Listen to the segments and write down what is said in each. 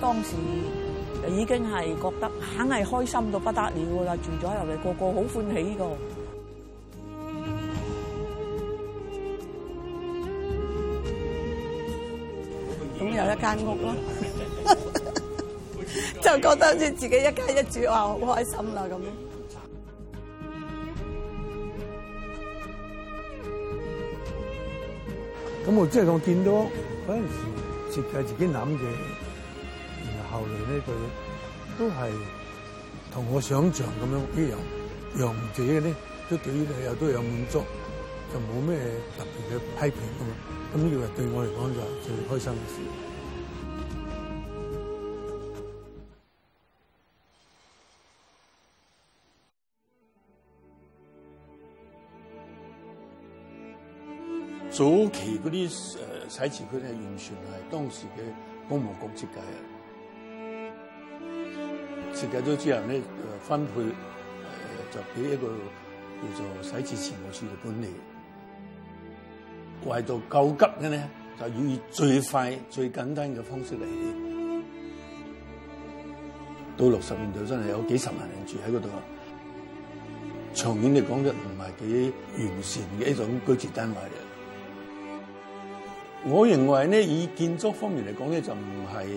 當時已經係覺得，肯係開心到不得了啦！住咗入嚟，個個好歡喜嘅。咁有一間屋咯，就覺得好似自己一家一住啊，好開心啦咁。咁我即係我見到嗰陣時設計自己諗嘅。後嚟呢，佢都係同我想像咁樣一樣，楊姐呢，都對於你又都有滿足，就冇咩特別嘅批評咁啊。咁認為對我嚟講就係最開心嘅事。早期嗰啲誒徙置區呢，完全係當時嘅工務局設計。設計咗之後咧，分配、呃、就俾一個叫做徙置事務處嚟管理。為做救急嘅咧，就要以最快最簡單嘅方式嚟。到六十年代真係有幾十萬人住喺嗰度，長遠嚟講就唔係幾完善嘅一種居住單位嚟。我認為咧，以建築方面嚟講咧，就唔係。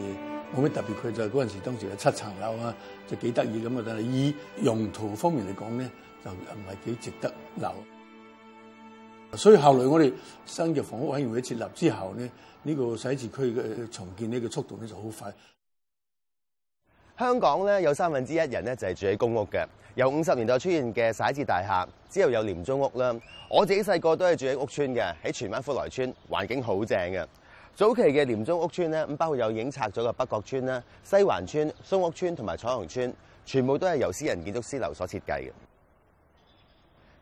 冇咩特別，佢就嗰陣時當時有七層樓啊，就幾得意咁啊，但係以用途方面嚟講咧，就唔係幾值得留。所以後來我哋新嘅房屋委員會設立之後咧，呢、呢個徙置區嘅重建呢個速度咧就好快。香港咧有三分之一人咧就係住喺公屋嘅，由五十年代出現嘅徙置大廈之後有廉租屋啦。我自己細個都係住喺屋邨嘅，喺荃灣福來邨，環境好正嘅。早期嘅廉租屋邨呢，咁包括有已經拆咗嘅北角邨啦、西環邨、蘇屋邨同埋彩虹邨，全部都係由私人建築師樓所設計嘅。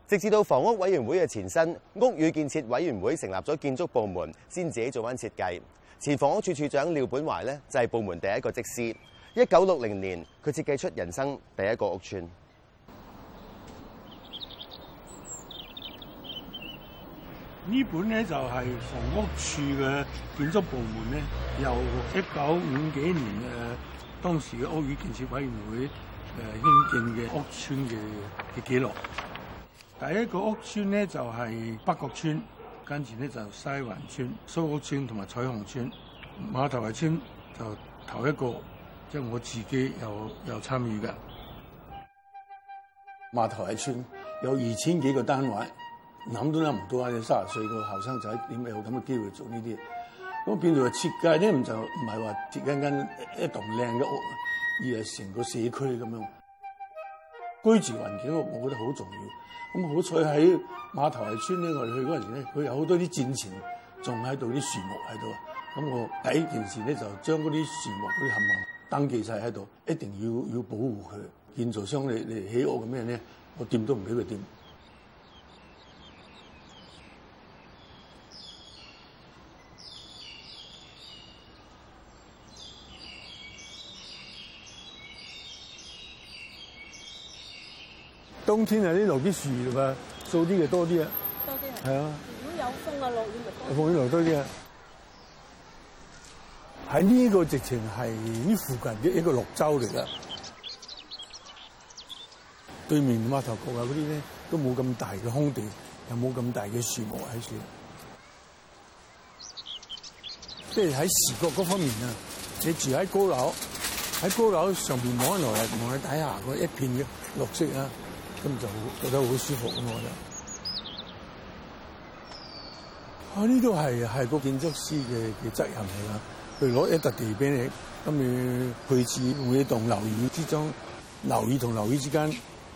直至到房屋委員會嘅前身屋宇建設委員會成立咗建築部門，先自己做返設計。前房屋署署長廖本懷咧就係部門第一個則師。一九六零年，佢設計出人生第一個屋邨。呢本咧就係房屋署嘅建築部門咧，由一九五幾年誒當時嘅屋宇建設委員會誒興建嘅屋村嘅嘅記錄。第一個屋村咧就係北角村，跟住咧就西環村、蘇屋村同埋彩虹村。馬頭圍村就頭一個，即係我自己有有參與嘅。馬頭圍村有二千幾個單位。諗都諗唔到啊！你三十歲個後生仔點有咁嘅機會做呢啲？咁變做設計咧，唔就唔係話設計間一棟靚嘅屋，而係成個社區咁樣居住環境，我覺得好重要。咁好彩喺馬頭圍邨咧，我哋去嗰陣時咧，佢有好多啲戰前仲喺度啲樹木喺度。咁我第一件事咧，就將嗰啲樹木嗰啲冚唪唥登記晒喺度，一定要要保護佢。建造商你你起屋嘅咩咧？我掂都唔俾佢掂。冬天係呢度啲樹㗎，掃啲嘅多啲啊，係啊。如果、啊啊、有風啊，落雨就多啲。落多啲啊。喺呢個直情係呢附近嘅一個綠洲嚟㗎。對面碼頭角啊嗰啲咧都冇咁大嘅空地，又冇咁大嘅樹木喺處。即係喺視覺嗰方面啊，你住喺高樓，喺高樓上邊望一起來，望佢底下嗰一片嘅綠色啊。咁就好，覺得好舒服啊！我覺得啊，呢度係係個建築師嘅嘅責任嚟啦。佢攞一笪地俾你，咁你配置每一棟樓宇之中，樓宇同樓宇之間，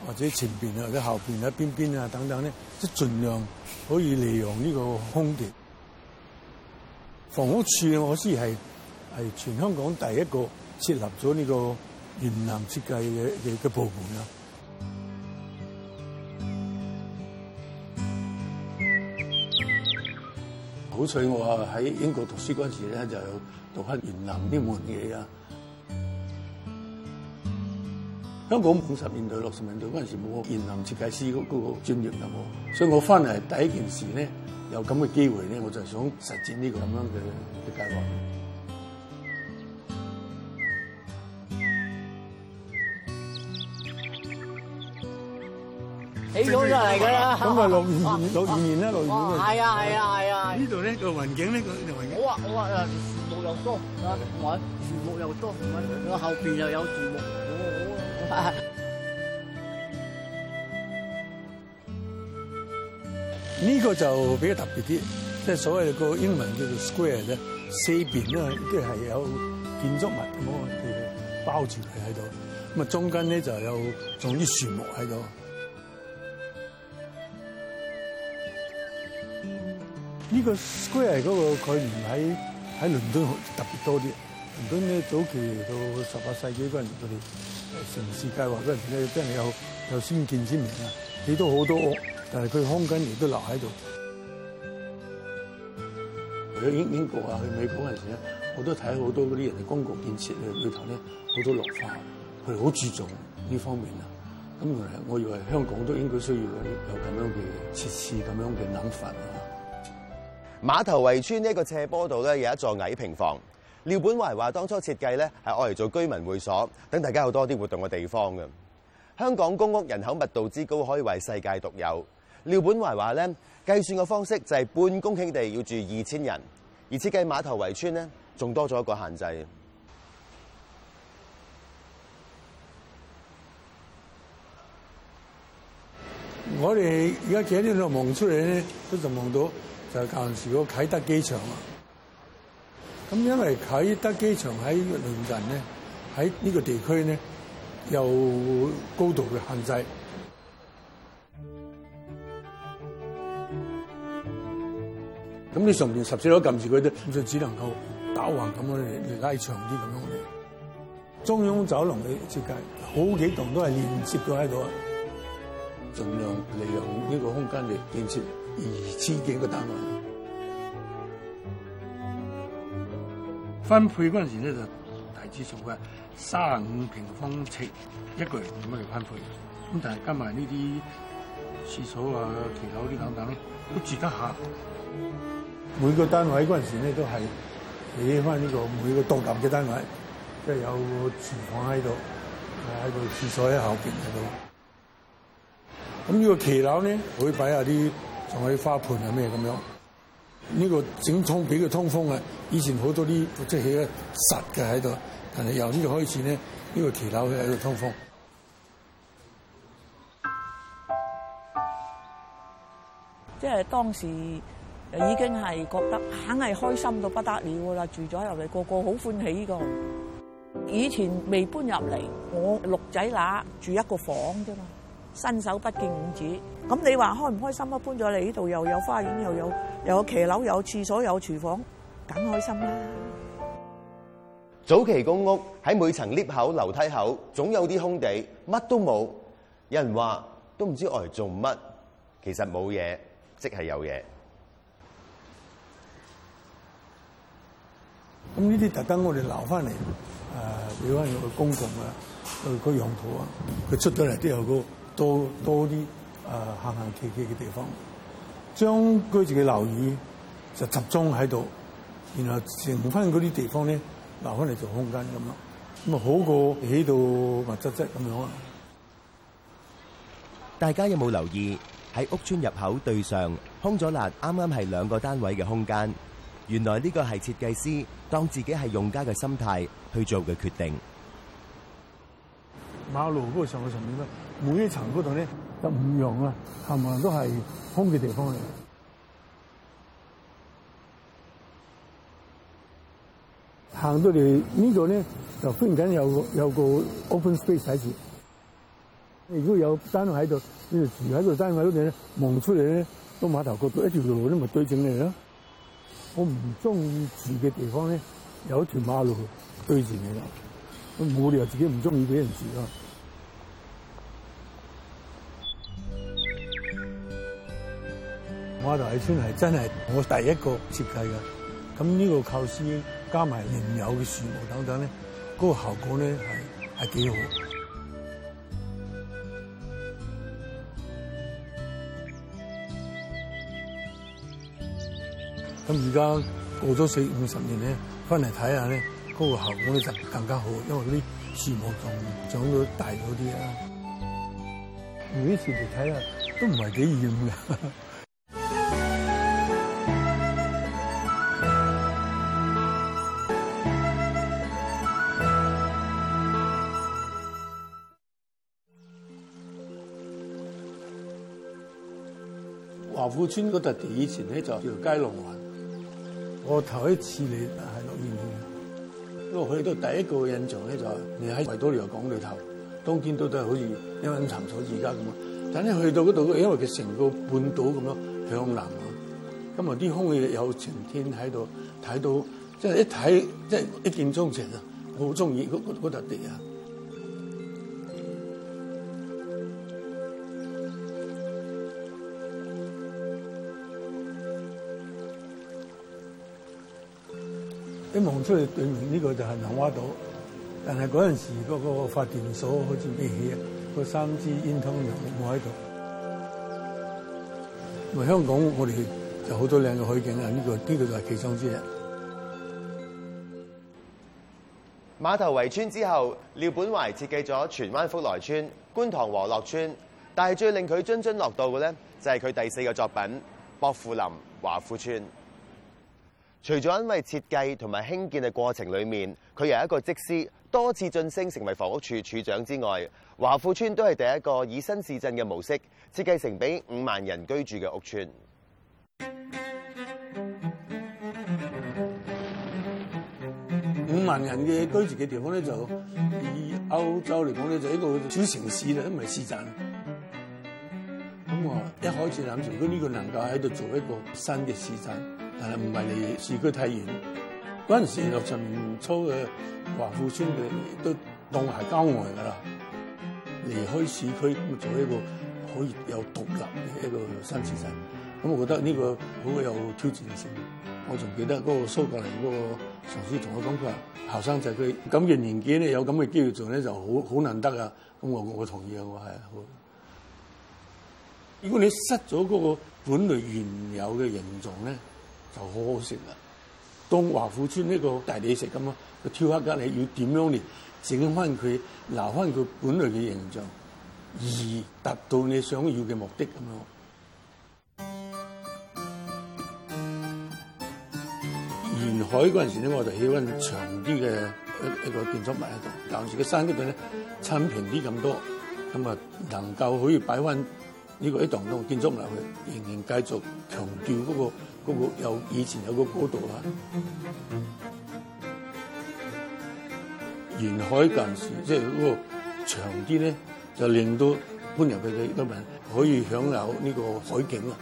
或者前邊或者後邊啊、邊邊啊等等咧，即係盡量可以利用呢個空間。房屋署我知係係全香港第一個設立咗呢個園林設計嘅嘅部門㗎。好彩我喺英國讀書嗰陣時咧，就有讀翻園林啲門嘢啊！香港五十年代、六十年代嗰陣時冇個園林設計師嗰個專業嘅喎，所以我翻嚟第一件事咧，有咁嘅機會咧，我就想實踐呢個咁樣嘅計劃。起咗就嚟噶啦，咁啊六二年，六二年啦，六二年，係啊係啊係啊！呢度呢個環境呢個呢度環境，好啊！好啊樹木又多，啊！我樹木又多，我後邊又有樹木，好好啊！呢個就比較特別啲，即係所謂個英文叫做 square 咧，四邊咧都係有建築物咁樣包住佢喺度，咁啊中間咧就有種啲樹木喺度。呢個 Square 嗰個概念喺喺倫敦特別多啲，倫敦咧早期到十八世紀嗰陣時佢哋城市計劃嗰陣時咧真係有有先見之明啊！起到好多屋，但係佢鄉間亦都留喺度。去英，英國啊，去美國嗰陣時咧，我都睇好多嗰啲人嘅公共建設裏頭咧，好多綠化佢好注重呢方面啊。咁原來我以為香港都應該需要有咁樣嘅設施，咁樣嘅諗法，啊。馬頭圍邨呢一個斜坡度咧有一座矮平房，廖本懷話當初設計咧係愛嚟做居民會所，等大家有多啲活動嘅地方嘅。香港公屋人口密度之高可以為世界獨有，廖本懷話咧計算嘅方式就係半公頃地要住二千人，而設計馬頭圍邨咧仲多咗一個限制。我哋而家企呢度望出嚟咧，都仲望到。就舊陣時嗰啟德機場啊，咁因為啟德機場喺鄰近，咧，喺呢個地區咧有高度嘅限制，咁 你上面十四樓撳住佢都，你就只能夠橫打橫咁樣嚟拉長啲咁樣。中央走廊嘅設計，好幾棟都係連接嘅喺度， 盡量利用呢個空間嚟建設。二千幾個單位，分配嗰陣時咧就大致上係三五平方尺一個人咁樣嚟分配，咁但係加埋呢啲廁所啊、騎樓啲等等都住得下。每個單位嗰陣時咧都係俾翻呢個每個獨立嘅單位，即係有廚房喺度，喺度廁所喺後邊喺度。咁呢個騎樓咧會擺下啲。同啲花盆啊咩咁樣，呢個整通俾佢通風啊！以前好多啲即係起得實嘅喺度，但係由呢度開始咧，呢個騎樓喺度通風。即係當時已經係覺得肯係開心到不得了啦，住咗入嚟個個好歡喜㗎。以前未搬入嚟，我六仔乸住一個房啫嘛。伸手不見五指，咁你話開唔開心啊？搬咗嚟呢度又有花園，又有又有騎樓，有廁所，又有廚房，梗開心啦！早期公屋喺每層 lift 口、樓梯口總有啲空地，乜都冇。有人話都唔知外嚟做乜，其實冇嘢，即係有嘢。咁呢啲特登我哋留翻嚟，誒、啊，比如講用公共啊，佢、個、用途啊，佢出咗嚟都有個。多多啲誒、啊、行行企企嘅地方，將居住嘅樓宇就集中喺度，然後全部返嗰啲地方咧留翻嚟做空間咁咯，咁啊好過起到密質質咁樣啊！大家有冇留意喺屋邨入口對上空咗罅，啱啱係兩個單位嘅空間，原來呢個係設計師當自己係用家嘅心態去做嘅決定。馬路嗰個上嘅上面咧。每一層嗰度咧，就唔用啦，行行都係空嘅地方嚟。行到嚟呢度咧，就忽然間有個有個 open space 喺度。如果有單位喺度，呢度住喺度單位嗰度咧，望出嚟咧，到碼頭嗰度一條路都咪對正你咯。我唔中意住嘅地方咧，有一條馬路對住你啦。我冇理由自己唔中意俾人住啊。馬頭圍邨係真係我第一個設計嘅，咁呢個構思加埋原有嘅樹木等等咧，嗰個效果咧係係幾好的。咁而家過咗四五十年咧，翻嚟睇下咧，嗰個效果咧就更加好，因為啲樹木仲長到大咗啲啦。每一次嚟睇下都唔係幾厭嘅。 華富邨嗰笪地以前咧就叫雞籠環，我頭一次嚟係六年前，因為去到第一個印象咧就係你喺維多利亞港裏頭，當見到都係好似陰沉咗而家咁。但係去到嗰度，因為佢成個半島咁樣，向南啊，咁啊啲空氣有晴天喺度，睇到即係、就是、一睇即係一見鐘情啊，好中意嗰嗰笪地啊。一望出去對面呢個就係南丫島，但係嗰陣時嗰個發電所好似未起啊，個三支煙囪又冇喺度。香港我哋就好多靚嘅海景啊，呢個呢個就係其中之一。馬頭圍村之後，廖本懷設計咗荃灣福來村、觀塘和樂村，但係最令佢津津樂道嘅咧，就係佢第四個作品——薄扶林華富村。除咗因為設計同埋興建嘅過程裏面，佢由一個則師多次晉升成為房屋處處長之外，華富邨都係第一個以新市鎮嘅模式設計成俾五萬人居住嘅屋邨。五萬人嘅居住嘅地方咧，就以歐洲嚟講咧，就一個小城市啦，唔係市鎮。咁我一開始諗住，如果呢個能夠喺度做一個新嘅市鎮。唔係離市區太遠，嗰陣時六十年初嘅華富邨嘅都仲係郊外噶啦，離開市區做一個可以有獨立嘅一個新市鎮，咁、嗯、我覺得呢個好有挑戰性。我仲記得嗰個蘇格蘭嗰、嗰個上司同我講佢話：後生仔，佢咁嘅年紀咧，有咁嘅機會做咧，就好好難得啊！咁我我同意啊，我係。如果你失咗嗰個本來原有嘅形狀咧，就好好食啦。當華富邨呢個大理石咁咯，佢跳刻間係要點樣嚟整翻佢，拿翻佢本來嘅形象，而達到你想要嘅目的咁咯。沿海嗰陣時咧，我就喜歡長啲嘅一個建築物喺度；臨時嘅山嗰度咧，親平啲咁多，咁啊能夠可以擺翻呢個一棟棟建築物落去，仍然繼續強調嗰個。嗰有以前有個高度啊，沿海近處即係嗰個長啲咧，就令到搬入去嘅居民可以享有呢個海景啊！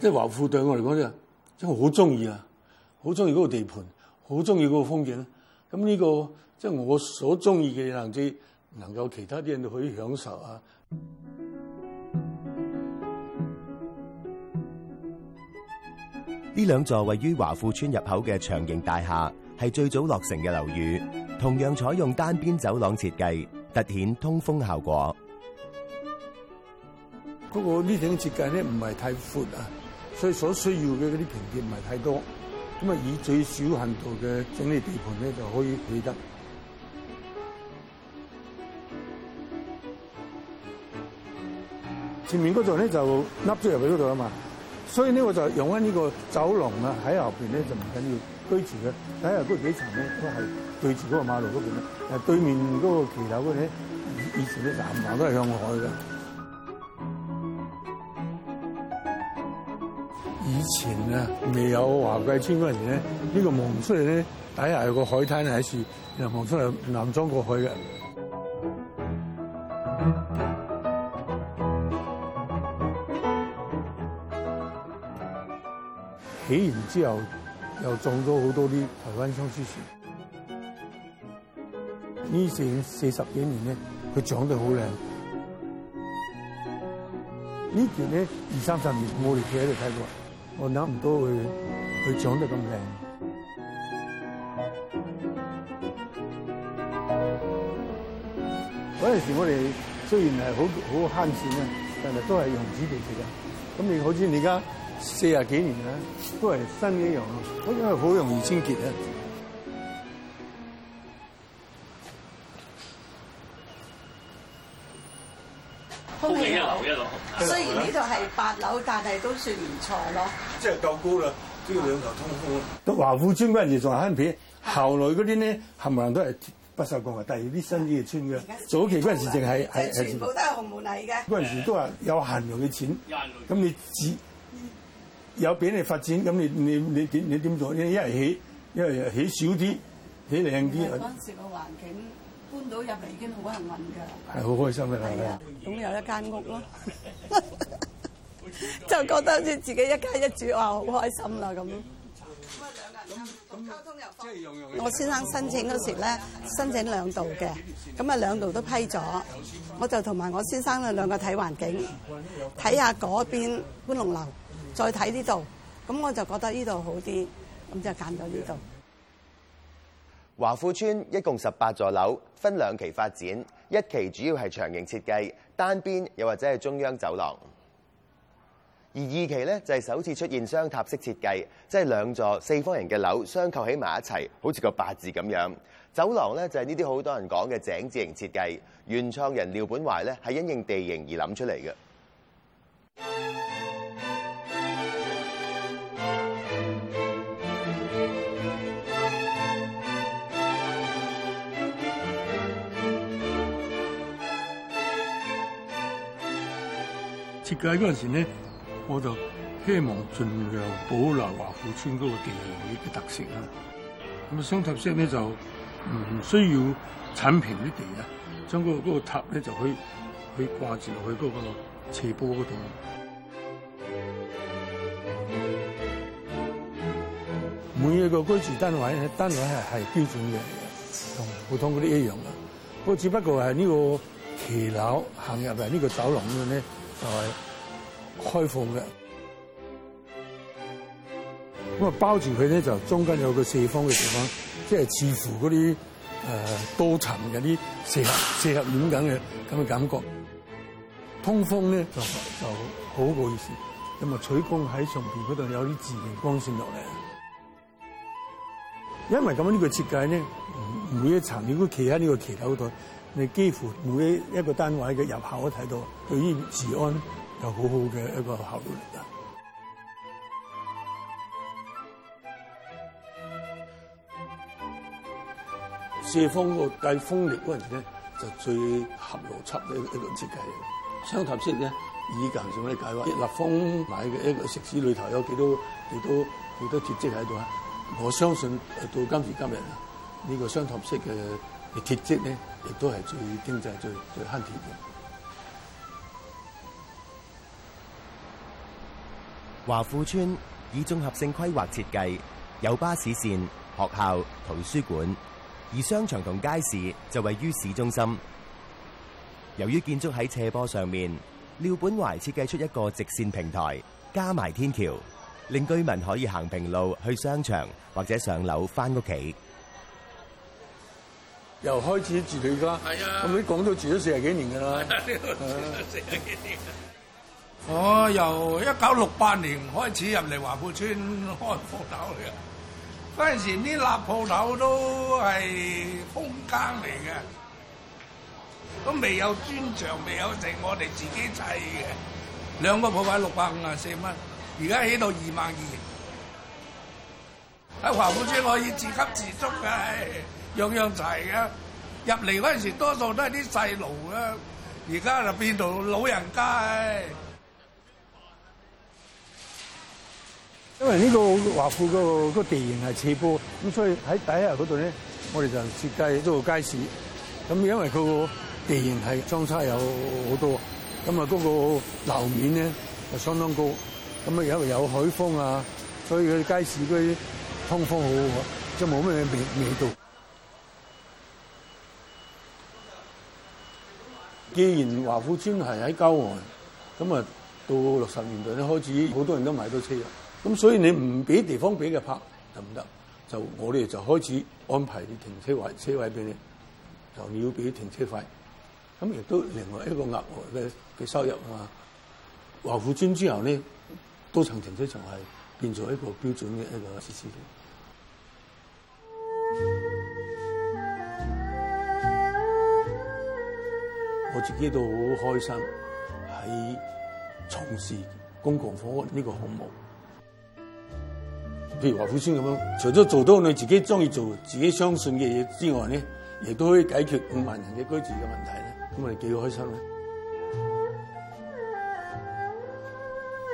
即係華富對我嚟講就真係好中意啊，好中意嗰個地盤，好中意嗰個風景。咁呢個即係我所中意嘅，能之能夠其他啲人都可以享受啊！呢兩座位於華富村入口嘅長形大廈，係最早落成嘅樓宇，同樣採用單邊走廊設計，凸顯通風效果。不過呢種設計咧唔係太闊啊，所以所需要嘅嗰啲平面唔係太多，咁啊以最少限度嘅整理地盤咧就可以配得。前面嗰座咧就凹咗入去嗰度啊嘛。所以呢我就用翻呢個走廊啊，喺後邊咧就唔緊要居住嘅。底下都幾層咧，都、就、係、是、對住嗰個馬路嗰邊咧。誒，對面嗰個騎樓嗰啲，以前啲南環都係向海嘅。 以前啊，未有華貴村嗰陣時咧，呢、這個望出嚟咧，底下有個海灘喺處，又望出嚟南莊過海嘅。幾年之後，又種咗好多啲台灣相思樹。呢段四十幾年咧，佢長得好靚。一段呢段咧二三十年，我哋企喺度睇過，我諗唔到佢佢長得咁靚。嗰陣時我哋雖然係好好慳錢啊，但係都係用紙皮食啊。咁你好似而家。四十幾年啦，都係新嘅樣，因為好容易清潔啊。空氣一流一流，雖然呢度係八樓，但係都算唔錯咯。即係夠高啦，呢個兩頭通風。華富邨嗰陣時仲慘啲，後來嗰啲呢，冚唪唥都係不鏽鋼嘅，第二啲新啲嘅村嘅，早期嗰陣時淨係全部都係紅毛泥嘅。嗰陣時都話有限量嘅錢，咁你只。嗯有俾你發展，咁你你你點你點做咧？一係起，一係起少啲，起靚啲。嗰時個環境搬到入嚟已經好多人揾㗎。係好開心㗎啦！咁有一間屋咯，就覺得好似自己一家一住啊，好開心啦咁。咁啊，兩間咁，交通又方便。我先生申請嗰時咧，申請兩度嘅，咁啊兩度都批咗。我就同埋我先生咧兩個睇環境，睇下嗰邊觀龍樓。再睇呢度，咁我就覺得呢度好啲，咁就係揀咗呢度。華富邨一共十八座樓，分兩期發展。一期主要係長形設計，單邊又或者係中央走廊。而二期呢，就係首次出現雙塔式設計，即係兩座四方形嘅樓相扣起埋一齊，好似個八字咁樣。走廊呢，就係呢啲好多人講嘅井字型設計。原創人廖本懷呢，係因應地形而諗出嚟嘅。設計嗰陣時咧，我就希望儘量保留華富村嗰個地嘅特色啦。咁啊，雙塔式咧就唔需要剷平啲地啊，將嗰個嗰個塔咧就可以可以掛住落去嗰個斜坡嗰度。每一個居住單位咧，單位係係標準嘅，同普通嗰啲一樣嘅。不過只不過係呢個騎樓行入嚟呢個走廊嘅咧。就係開放嘅，咁啊包住佢咧就中間有個四方嘅地方，即係似乎嗰啲誒多層嘅啲四合四合院咁嘅咁嘅感覺，通風咧就就好有意思，咁啊取光喺上邊嗰度有啲自然光線落嚟，因為咁樣呢個設計咧，每一層如果企喺呢個騎樓度。你幾乎每一個單位嘅入口都睇到，對於治安有好好嘅一個效應嚟㗎。四方個計風力嗰陣時咧，就最合邏輯一一個設計。雙塔式咧，以前上嘅解話？一立方米嘅一個食肆裏頭有幾多幾多幾多設施喺度啊？我相信到今時今日呢、呢個雙塔式嘅。鐵質呢，亦都係最經濟、最最慳鐵嘅。華富邨以綜合性規劃設計，有巴士線、學校、圖書館，而商場同街市就位於市中心。由於建築喺斜坡上面，廖本懷設計出一個直線平台，加埋天橋，令居民可以行平路去商場或者上樓返屋企。又開始住嚟啦，咁啲講到住咗四十幾年噶啦。我由一九六八年開始入嚟華富邨開鋪頭嘅。嗰陣時啲立鋪頭都係空間嚟嘅，都未有磚牆，未有剩，我哋自己砌嘅。兩個鋪位六百五十四蚊，而家起到二萬二。喺華富邨可以自給自足嘅。樣樣齊嘅，入嚟嗰陣時多數都係啲細路啊，而家就變到老人家。因為呢個華富個個地形係斜坡，咁所以喺底下嗰度咧，我哋就設計咗個街市。咁因為佢個地形係相差有好多，咁啊嗰個樓面咧就相當高，咁啊因為有海風啊，所以佢啲街市嗰啲通風好好，即係冇咩味味道。既然華富邨係喺郊外，咁啊到六十年代咧開始，好多人都買到車啦。咁所以你唔俾地方俾佢泊，得唔得？就我哋就開始安排啲停車位車位俾你，就要俾停車費。咁亦都另外一個額外嘅嘅收入啊嘛。華富邨之後咧，多層停車場係變咗一個標準嘅一個設施。我自己都好開心，喺從事公共房屋呢個項目，譬如華富邨咁樣，除咗做到你自己鍾意做、自己相信嘅嘢之外咧，亦都可以解決五萬人嘅居住嘅問題咧。咁我哋幾開心咧！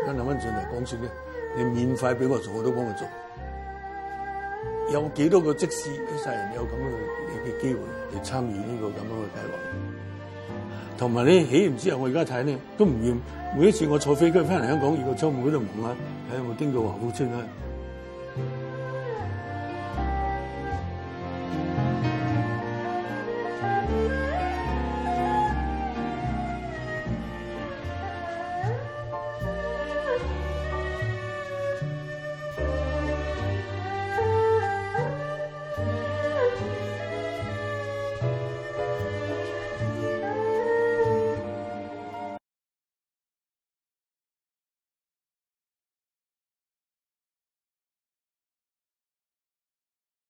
跟兩位進嚟講說咧，你免費俾我做，都幫我都幫佢做。有幾多個即使，啲世人有咁樣嘅機會嚟參與呢個咁樣嘅計劃？同埋咧起完之後，我而家睇咧都唔厭，每一次我坐飛機翻嚟香港，而個窗門嗰度望下，睇有冇經過華富邨啊！